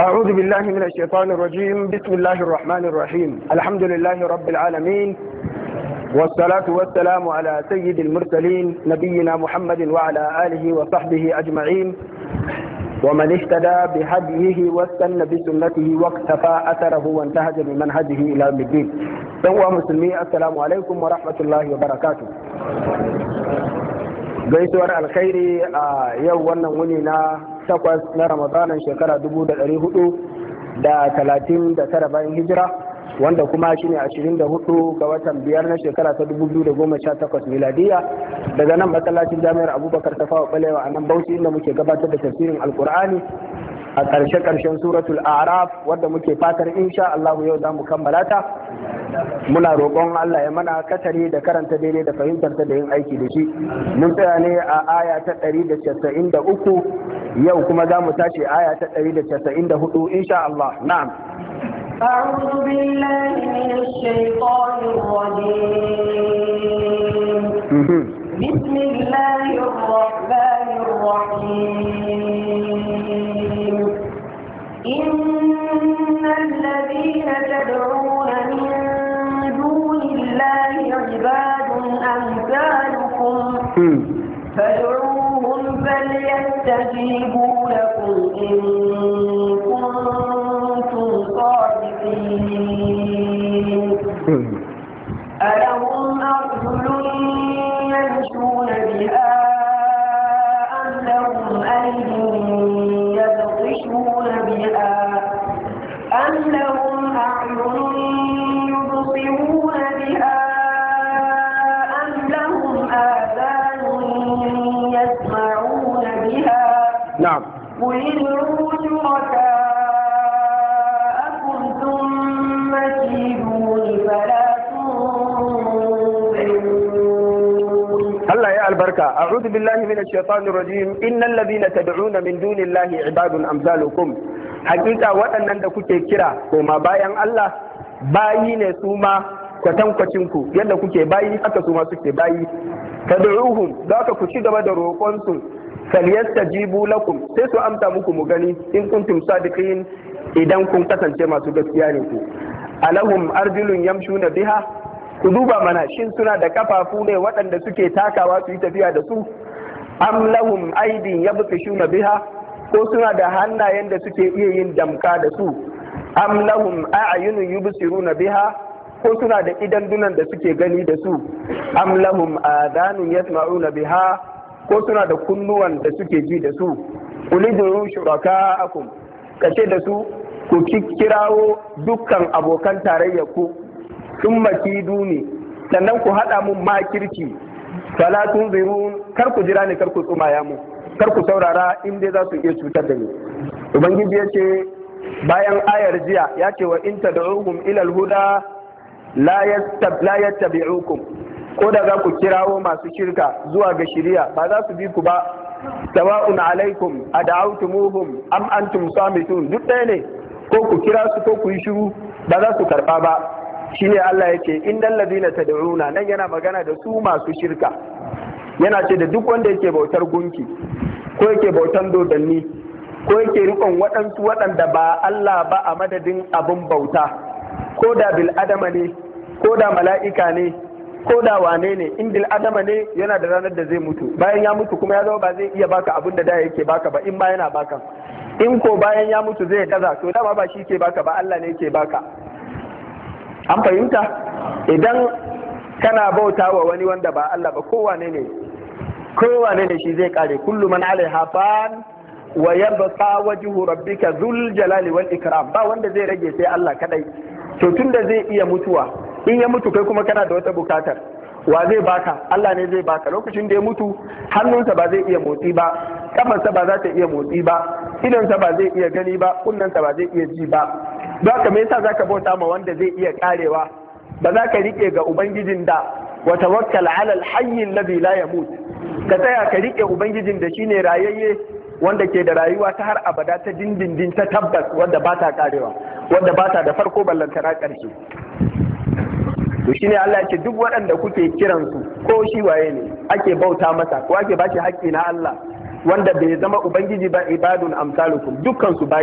أعوذ بالله من الشيطان الرجيم بسم الله الرحمن الرحيم الحمد لله رب العالمين والصلاة والسلام على سيد المرسلين نبينا محمد وعلى آله وصحبه أجمعين ومن اهتدى بهديه واستنى بسنته واقتفى أثره وانتهج بمنهجه إلى يوم الدين سوى مسلمي السلام عليكم ورحمة الله وبركاته gaisuwar alkhairi a yau wannan wuni na takwas na ramadanan shekara dubu da ɗari hudu da talatin da tara bayan hijira wanda kuma shi ne ashirin da hudu ga watan biyar na shekara ta dubu biyu da goma sha takwas miladiya daga nan matsalacin jami'ar abubakar ta fawa balewa a nan bauchi inda muke gabatar da tafsirin alkur'ani a ƙarshe ƙarshen suratul araf wadda muke fatar insha Allah yau za mu kammala ta muna roƙon Allah ya mana katare da karanta daidai da fahimtar ta da yin aiki da shi mun tsaya ne a aya ta ɗari da da uku yau kuma za mu tashi aya ta 194 insha Allah na'am أعوذ بالله من الشيطان الرجيم بسم الله الرحمن الرحيم إن الذين تدعون من دون الله عباد أمثالكم فليستجيبوا لكم إن كنتم صادقين نعم قل ادعوا شركاءكم ثم كيدوني فلا الله يا البركة أعوذ بالله من الشيطان الرجيم إن الذين تدعون من دون الله عباد أمثالكم حقيقة وأن كنت كرا وما باين الله باين سوما kwatankwacin ku yadda kuke bayi haka su ma suke bayi tad'uhum da aka ku ci gaba da roƙon su falyastajibu lakum sai su amsa muku mu gani in kuntum sadiqin idan kun kasance masu gaskiya ne ku alahum arjulun yamshuna biha ku duba mana shin suna da kafafu ne waɗanda suke takawa su yi tafiya da su am lahum aidin yabtishuna biha ko suna da hannayen da suke iya yin damka da su am lahum a'yunun yubsiruna biha ko suna da idan dunan da suke gani da su am lahum adanun yasma'una biha ko suna da kunnuwan da suke ji da su ulidu shuraka akum kace da su ku kirawo dukkan abokan tarayya ku sun duni sannan ku haɗa mun makirci fala tunzirun kar ku jira ni kar ku tsumaya mu kar ku saurara in dai za su iya cutar da ni ubangiji ya ce bayan ayar jiya ya ce wa inta tad'uhum ila al-huda la yattabi'ukum ko da za ku kirawo masu shirka zuwa ga shiriya ba za su bi ku ba sawa'un alaikum ad'awtumuhum am antum samitun duk ɗaya ne ko ku kira su ko ku yi shiru ba za su karba ba shine Allah yake innal ladina tad'una nan yana magana da su masu shirka yana ce da duk wanda yake bautar gunki ko yake bautan dodanni ko yake rikon waɗansu waɗanda ba Allah ba a madadin abin bauta ko da bil'adama ne ko da mala'ika ne ko da wane ne indil adama ne yana da ranar da zai mutu bayan ya mutu kuma ya zama ba zai iya baka abin da da yake baka ba in ba yana baka in ko bayan ya mutu zai gaza to dama ba shi ke baka ba Allah ne ke baka an fahimta idan kana bauta wa wani wanda ba Allah ba kowane ne kowane ne shi zai kare kullu man alaiha fan wa yabqa wajhu rabbika dhul jalali wal ikram ba wanda zai rage sai Allah kadai to tunda zai iya mutuwa in ya mutu kai kuma kana da wata bukatar wa zai baka Allah ne zai baka lokacin da ya mutu hannunsa ba zai iya motsi ba kafansa ba za ta iya motsi ba idonsa ba zai iya gani ba kunnensa ba zai iya ji ba don ka me yasa zaka bauta ma wanda zai iya karewa ba za ka rike ga ubangijin da wa tawakkal ala hanyar alladhi la yamut ka tsaya ka rike ubangijin da shi ne rayayye wanda ke da rayuwa ta har abada ta dindindin ta tabbas wanda ba ta karewa wanda ba ta da farko ballantana ƙarshe to shine Allah ya ce duk waɗanda kuke kiran su ko shi waye ne ake bauta masa ko ake bashi haƙƙi na Allah wanda bai zama ubangiji ba ibadun amsalukum dukkan su baya.